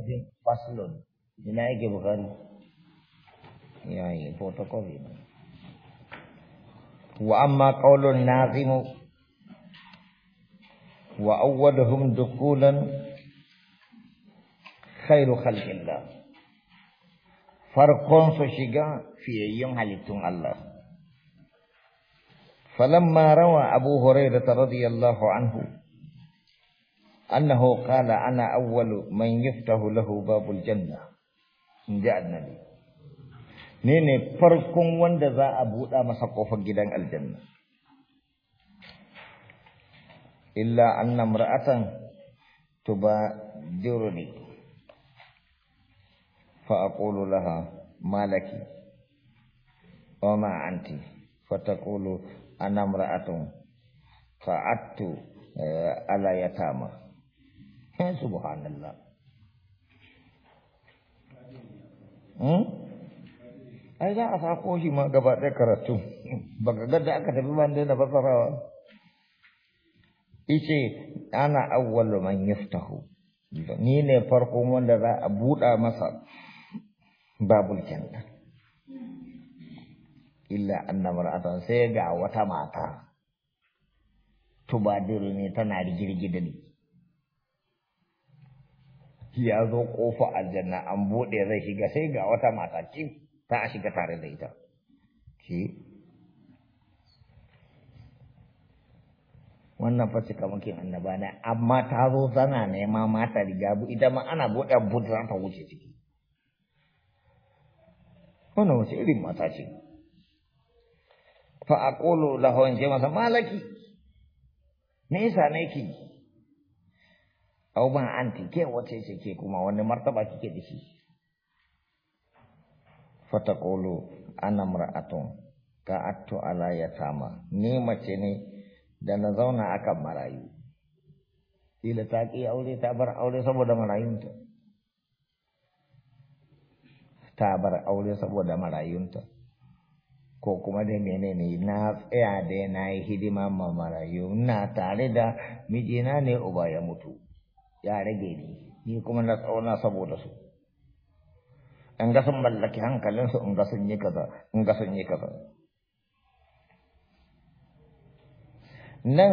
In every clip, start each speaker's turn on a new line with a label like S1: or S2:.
S1: باب فصل لنائك بخاري يعني فوتوكوبي وأما قول الناظم وأولهم دخولا خير خلق الله فرقون سشيغا في يوم حليتون الله فلما روى أبو هريرة رضي الله عنه annahu qala ana awwalu man yaftahu lahu babul janna inja annabi nene farkon wanda za a buɗa masa ƙofar gidan aljanna illa anna imra'atan tuba diruni fa aqulu laha malaki wa ma anti fa taqulu ana imra'atun fa'attu ala yatama eh subhanallah hmm ai za a sako shi ma gaba ɗaya karatu ba ga da aka tafi ban da fasarawa ice ana awwalu man yaftahu ni ne farkon wanda za a buɗa masa babul janna illa anna mar'atan sai ga wata mata tubadiru ne tana rigirgidani. ni ya zo kofa aljanna an buɗe zai shiga sai ga wata mata ki ta shiga tare da ita ki wannan fa cika muke annaba ne amma ta zo zana ne ma mata riga bu ita ma ana buɗe buɗe za ta wuce ciki wannan wace irin mata ce fa aqulu lahu in jama'a masa malaki me yasa ne ki au ba anti ke wace ce ke kuma wani martaba kike da shi fataqulu ana mar'atun ka'attu ala sama ni mace ne da na zauna akan marayu ila ta ki aure ta bar aure saboda marayunta ta bar aure saboda marayunta ko kuma dai menene na tsaya dai na yi hidima ma marayu na tare da mijina ne uba ya mutu ya rage ni ni kuma na tsauna saboda su in ga sun mallaki hankalinsu in ga sun yi kaza in ga sun yi kaza nan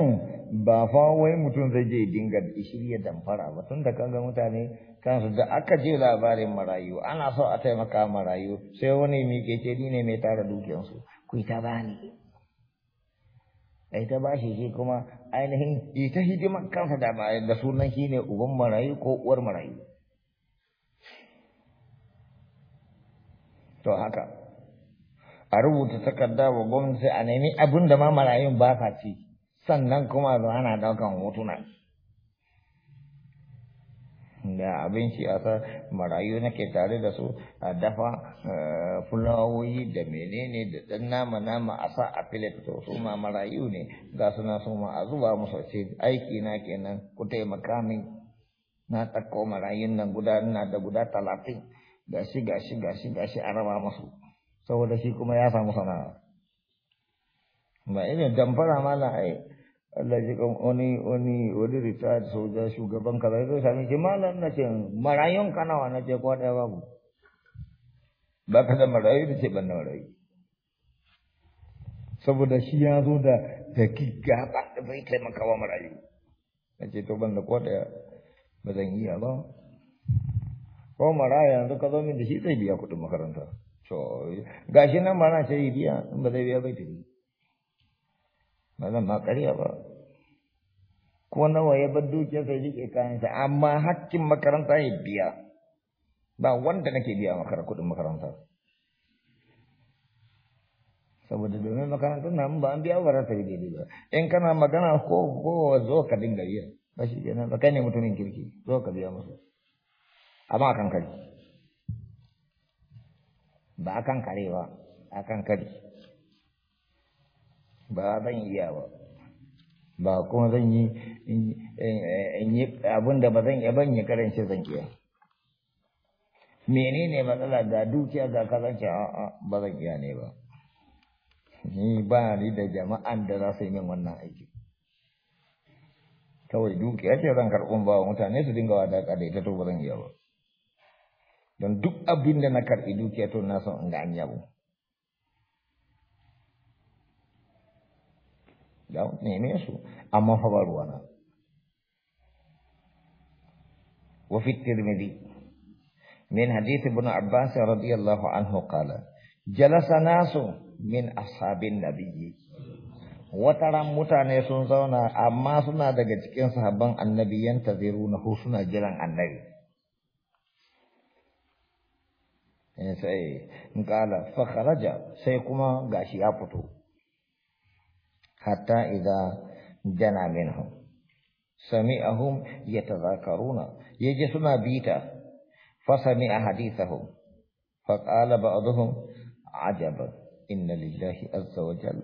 S1: ba fa wai mutum zai je dinga shirya damfara ba tunda da kaga mutane kansu da aka je labarin marayu ana so a taimaka marayu sai wani ce ni ne mai tara dukiyansu ku ta bani A ita shi shi kuma ainihin ita hidimar kansa da da sunan shi ne uban marayu ko uwar marayu to haka a rubuta takarda wa gwamnati a nemi abin da ma marayun ba sa ci sannan kuma ana daukan hotuna da a sa marayu nake tare da su a dafa eh, fulawoyi da menene da dan nama nama a sa a filet to su ma marayu ne ga suna su ma a zuba musu ce aiki na kenan ku taimaka min na tsakko marayun nan guda ina da guda talatin gashi gashi gashi gashi a raba musu saboda shi kuma ya samu sana'a ba irin damfara mala ai Allah ji kan wani wani wani retired soja shugaban kaza ya sami shi malam na ce marayun kanawa na ce ko ɗaya babu ba ka da marayu da ce ban da marayu saboda shi ya zo da da giga ba da bai taimaka wa marayu na ce to ban da ko ɗaya ba zan iya ba ko maraya yanzu ka zo min da shi zai biya kuɗin makaranta to gashi nan ba na ce biya ba zai biya bai tafi wannan ma kariya ba ko nawa ya bar dukiyarsa ya rike kayansa amma hakkin makaranta ya biya ba wanda nake biya makar kuɗin makaranta saboda domin makarantar na ba an biya wa rasa daidai ba in kana magana ko ko zo ka dinga biya ba shi kenan ba kai ne mutumin kirki zo ka biya musu amma akan kari ba akan kare ba akan kari ba zan iya ba ba kuma zan yi abin da ba zan iya ban yi karance zan iya menene matsala ga dukiya ga kasance a'a ba zan iya ne ba ni ba ni da jama'an da za su yi min wannan aiki kawai dukiya ce zan karɓun ba mutane su dinga wadaƙa kada ita to ba zan iya ba don duk abin da na karɓi dukiya to na son in ga an yabo da neme su amma fa wana. wa fi tirmidhi min hadith ibn abbas radiyallahu anhu qala jalasa nasu min ashabin nabiyyi wataran mutane sun zauna amma suna daga cikin sahabban annabi yanta ziruna hu suna jiran annabi eh, sai in kala fa kharaja sai kuma gashi ya fito حتى إذا جنى منهم سمعهم يتذكرون يجسنا بيتا فسمع حديثهم فقال بعضهم عجبا إن لله عز وجل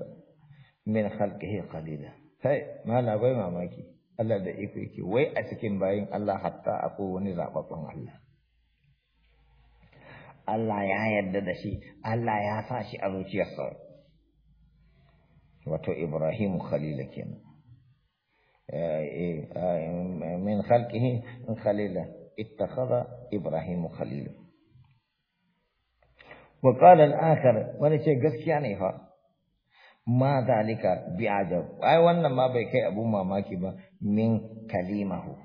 S1: من خلقه قليلا هاي ما لا بي ماكي الله ده iko وي wai a cikin bayin Allah hatta akwai wani zababban Allah Allah ya yarda da shi Allah ya sa shi وتو ابراهيم خليلك يعني آه، من خلقه من خليلة اتخذ ابراهيم خليلا وقال الاخر ولا شيء قص يعني ها ما ذلك بعجب اي آه، وانا ما بك ابو ما ماكي من كلمه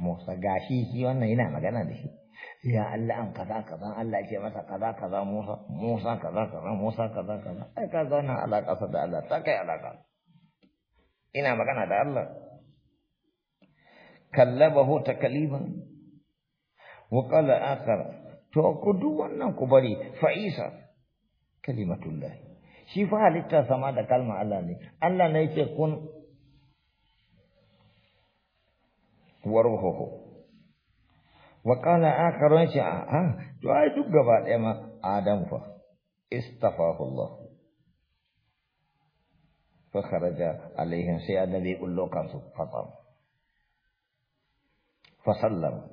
S1: موسى غاشي هي وانا هنا ما كان ده ya Allah an kaza kaza Allah ke masa kaza kaza Musa Musa kaza kaza Musa kaza kaza ai ka zauna alaka sa da Allah ta kai alaka ina magana da Allah kallabahu takaliban wa qala akhar to ku duk wannan ku bari fa Isa kalimatullah shi fa halitta sama da kalma Allah ne Allah ne yake kun warwahu waƙala akaron shi a a to ai duk gaba ɗaya ma adam fa istafahu Allah fa kharaja alaihim sai annabi kullo kansu fatam fa sallama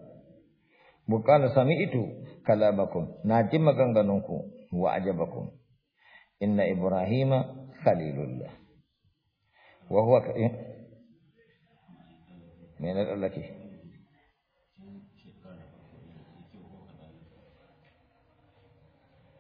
S1: muqala sami'tu kalamakum na ji maganganunku wa ajabakum inna ibrahima khalilullah wa huwa من الألكي eh?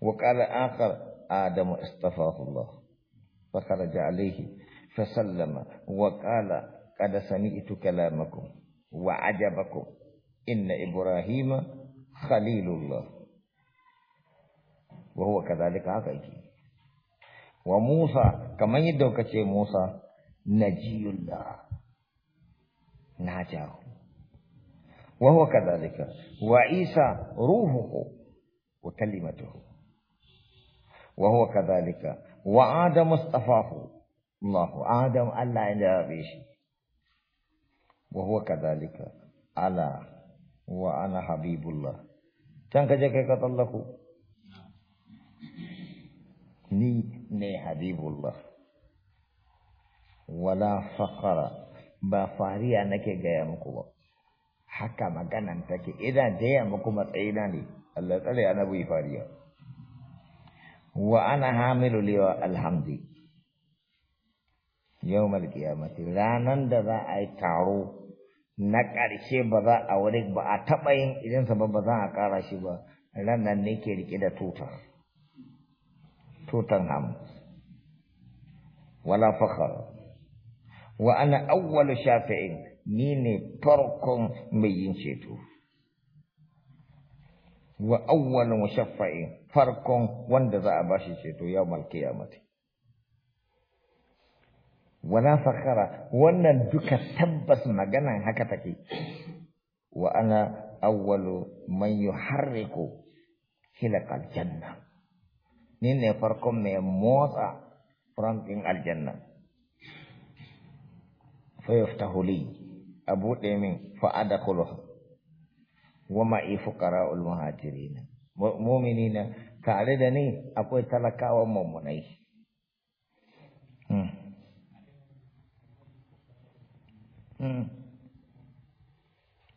S1: وقال آخر آدم اصطفاه الله فخرج عليه فسلم وقال قد سمعت كلامكم وعجبكم إن إبراهيم خليل الله وهو كذلك عقيد وموسى كما يدوك موسى نجي الله نجاه وهو كذلك وعيسى روحه وكلمته وهو كذلك وآدم مصطفاه الله آدم الله إلا بيشي وهو كذلك على وأنا حبيب الله تنك جاك الله ني ني حبيب الله ولا فقر ba fariya جاي gaya muku ba haka maganan take ina gaya muku matsayina ne Allah tsare وأنا حامل لواء الحمد يوم القيامة ranan da za a yi taro na karshe ba za a wurin ba a taba yin irinsa ba ba za a kara shi ba ran nan ne ke rike da tuta tutan ham wala fakhar wa ana awwal shafi'in ni ne farkon mai yin ceto wa awwal mushaffa'i farkon wanda za a bashi ceto yawmal qiyamati wala fakara wannan duka tabbas maganan haka take wa ana awwalu man yuharriku hilaqal aljanna ni ne farkon mai motsa framfin aljanna fa yaftahu li abu min fa adkhuluhu wa ma'i fuqara'ul muhajirin mu'minina tare da ni akwai talakawan mummunai hmm. hmm.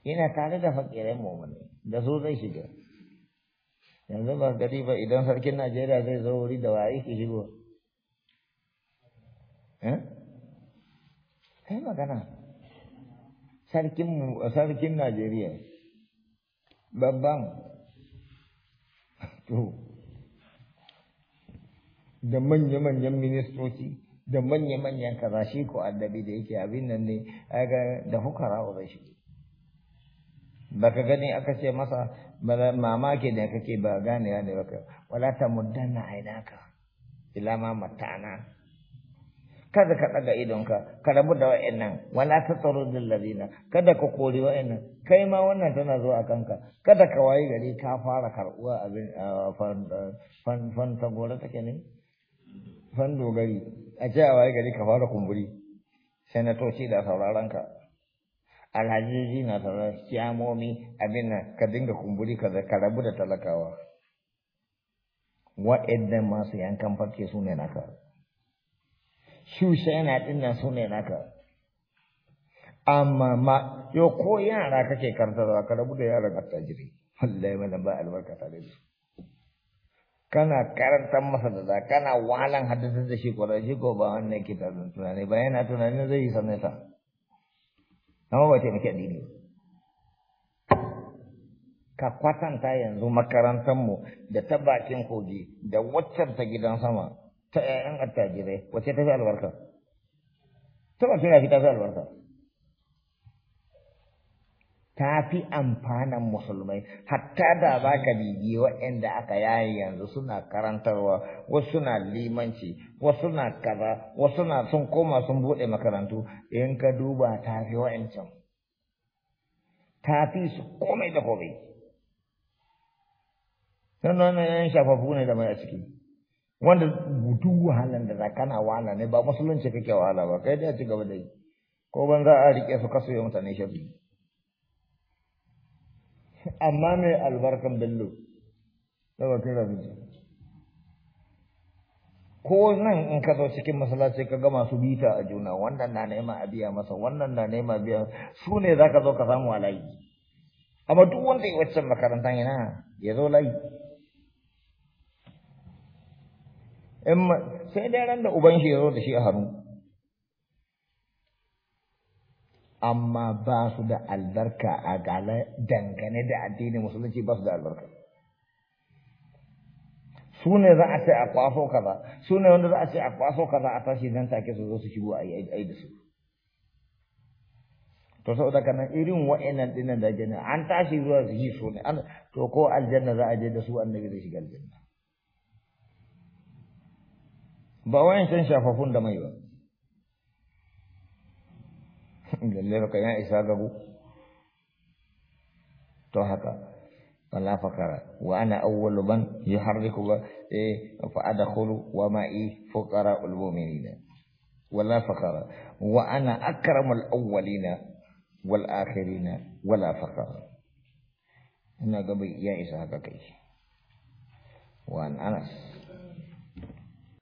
S1: ina yana tare da fakire mummunai da su zai shiga yanzu ba gari ba idan sarkin Najeriya zai zo wuri da waye ke shigo eh kai magana sarkin sarkin Najeriya babban Tuh. da manya-manyan ministoci da manya-manyan karashi ko addabi da yake abin nan ne aga da hukara ba shi baka gani aka ce masa mamaki da kake ba gane ya ne baka wala ta muddanna ainaka ila ma matana kada ka daga idonka ka rabu da wa'annan wala tatarudul ladina kada ka kori wa'annan kai ma wannan tana zuwa kanka kada ka wayi gari ka fara karbuwa abin fan fan ta gora take ne fan dogari a ce a wayi gari ka fara kumburi sanatoci da sauraron ka alhaji na sauraron kiyamomi abin nan ka dinga kumburi ka ka rabu da talakawa wa'annan masu yankan farke su ne naka shushe yana dinnan su ne naka amma ma yo ko yara kake karantarwa ka rabu da yaran attajiri wallahi mana ba albarka ta da kana karantar masa da za kana walan haddasa da shi ko shi ko ba wannan ke tunani ba yana tunanin zai yi sanata amma ba taimaki dini ka kwatanta yanzu makarantar mu da ta bakin kogi da waccan ta gidan sama ta yayan attajirai wacce ta fi albarka ta ba kira ta fi albarka ta fi amfanan musulmai hatta da za ka bibi waɗanda aka yayi yanzu suna karantarwa wasu suna limanci wasu suna kaza wasu suna sun koma sun buɗe makarantu in ka duba ta fi wa'ancan ta fi su komai da komai sannan yan shafafu ne da mai a ciki wanda duk wahalan da kana wahala ne ba musulunci kake wahala ba kai da ci gaba da yi ko ban za a rike su kaso ya mutane sharri amma me albarkan bello saboda kira rabu ko nan in ka zo cikin masallaci ka ga masu bita a juna wannan na nema a biya masa wannan na nema biya su ne zaka zo ka samu walayi layi amma duk wanda ya waccan makarantar yana ya zo layi in sai dai ran da uban shi ya zo da shi a hannu amma ba su da albarka a gala dangane da addinin musulunci ba su da albarka su ne za a ce a kwaso kaza su ne wanda za a ce a kwaso kaza a tashi nan take su zo su shigo a yi da su to da kana irin wa'annan dinan da jana an tashi zuwa su yi su ne to ko aljanna za a je da su annabi zai shiga aljanna bawain wayan san shafafun da mai ba lalle baka ya isa gago to haka wala fakara wa ana awwalu man yuharriku ba eh fa adkhulu wa i fuqara ul mu'minina wala fakara wa ana akramul awwalina wal akhirina wala fakara ina ga bai ya isa haka kai wa an